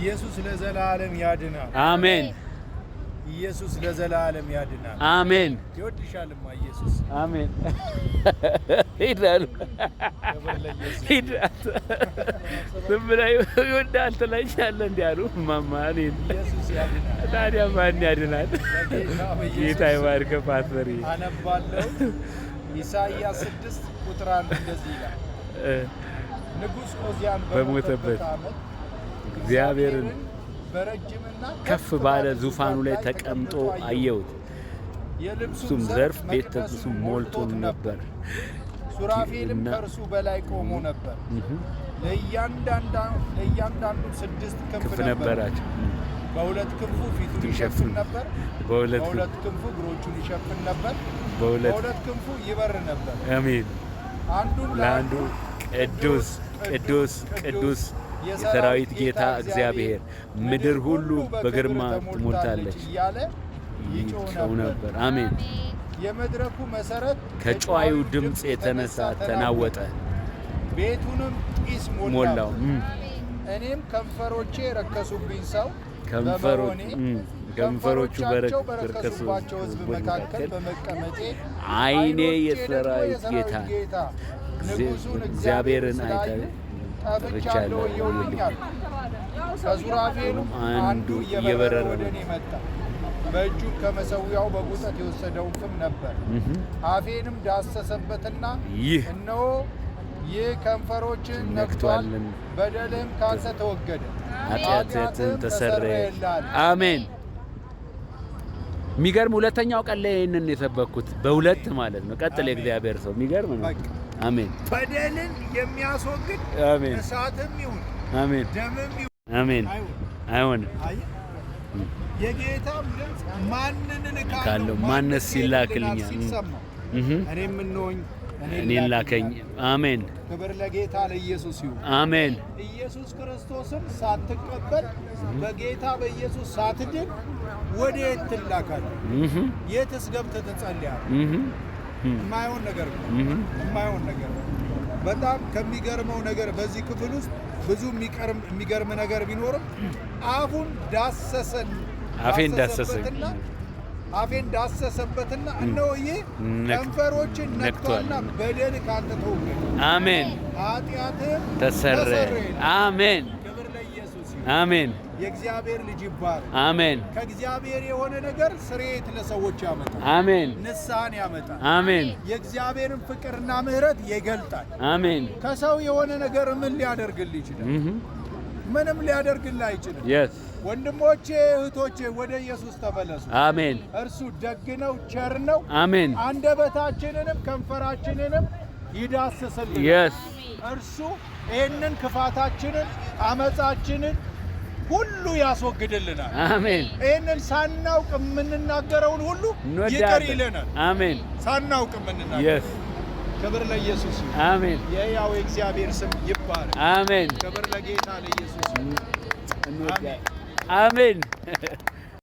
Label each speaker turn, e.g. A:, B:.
A: ኢየሱስ ለዘላለም ያድናል። አሜን። ኢየሱስ ለዘላለም ያድናል። አሜን። ይወድሻልማ ኢየሱስ።
B: አሜን። ሂዳል ሂዳል ዝም ብለህ ይወዳል ትለኛለህ እንዲህ አሉ እማማ። እኔን ታዲያ ማን ያድናል? ጌታ ይባርከ ፓስተር።
A: አነባለሁ ኢሳይያስ ስድስት ቁጥር አንድ እንደዚህ ይላል ንጉሥ ኦዚያን
B: በሞተበት ዓመት እግዚአብሔርን ከፍ ባለ ዙፋኑ ላይ ተቀምጦ አየሁት። እሱም ዘርፍ ቤት መንግሥቱን ሞልቶ ነበር።
A: ሱራፌልም ከእርሱ በላይ ቆሞ ነበር። ለእያንዳንዱ ስድስት ክንፍ ነበራቸው። በሁለት ክንፉ ፊቱን ይሸፍን ነበር፣ በሁለት ክንፉ እግሮቹን ይሸፍን ነበር፣ በሁለት ክንፉ ይበር ነበር።
B: አሜን። አንዱ ለአንዱ ቅዱስ ቅዱስ ቅዱስ የሰራዊት ጌታ እግዚአብሔር ምድር ሁሉ በግርማ ትሞልታለች ይጮው ነበር። አሜን።
A: የመድረኩ መሰረት
B: ከጨዋዩ ድምፅ የተነሳ ተናወጠ፣
A: ቤቱንም ጢስ ሞላው። እኔም ከንፈሮቼ ረከሱብኝ ሰው
B: ከንፈሮቹ በረከሱባቸው ሕዝብ መካከል በመቀመጤ አይኔ የሰራዊት ጌታ እግዚአብሔርን አይተ ጠፍቻለሁ ይኸውልኛል። አንዱ እየበረረ ወደ እኔ መጣ።
A: በጉጠት የወሰደውን ፍም ነበር። አፌንም ዳሰሰበትና ይህ እነሆ ይህ ከንፈሮችን ነክቷል፣ በደልህም ካንተ ተወገደ፣
B: ኃጢአትህም ተሰረየልሃል። አሜን የሚገርም ሁለተኛው ቀን ላይ ይህንን የሰበኩት በሁለት ማለት ነው። ቀጥል የእግዚአብሔር ሰው የሚገርም ነው። አሜን።
A: በደልን የሚያስወግድ አሜን። እሳትም ይሁን አሜን፣ ደምም
B: ይሁን አሜን፣ አይሆንም።
A: የጌታ ድምፅ ማንን
B: እልካለሁ? ማንስ ይላክልኛል?
A: እኔ ምን ሆኝ
B: እኔን ላከኝ። አሜን።
A: ክብር ለጌታ ለኢየሱስ ይሁን። አሜን። ኢየሱስ ክርስቶስን ሳትቀበል በጌታ በኢየሱስ ሳትድን ወዴት ትላካለህ? የትስ ገብተህ ትጸልያለህ? የማይሆን ነገር ነው። የማይሆን ነገር ነው። በጣም ከሚገርመው ነገር በዚህ ክፍል ውስጥ ብዙ የሚገርም ነገር ቢኖርም አፉን ዳሰሰን፣
B: አፌን ዳሰሰኝ
A: አፌን ዳሰሰበትና እነሆዬ ከንፈሮችን ነክቷልና በደል ካንተ አሜን። ኃጢአት
B: ተሰረ አሜን።
A: ክብር ለኢየሱስ አሜን። የእግዚአብሔር ልጅ ይባል። አሜን። ከእግዚአብሔር የሆነ ነገር ስርየት ለሰዎች ያመጣል። አሜን። ንስሐን ያመጣል። አሜን። የእግዚአብሔርን ፍቅርና ምሕረት ይገልጣል። አሜን። ከሰው የሆነ ነገር ምን ሊያደርግልህ ይችላል? ምንም ሊያደርግልህ አይችልም። ወንድሞቼ እህቶቼ ወደ ኢየሱስ ተመለሱ። አሜን። እርሱ ደግ ነው፣ ቸር ነው። አሜን። አንደበታችንንም ከንፈራችንንም ይዳስስልን። የስ እርሱ ይህንን ክፋታችንን አመፃችንን ሁሉ ያስወግድልናል። አሜን። ይህንን ሳናውቅ የምንናገረውን ሁሉ ይቅር ይለናል። አሜን። ሳናውቅ የምንናገር ክብር ለኢየሱስ ይሁን። አሜን። የሕያው እግዚአብሔር ስም ይባረክ። አሜን። ክብር ለጌታ ለኢየሱስ ይሁን።
B: Amen.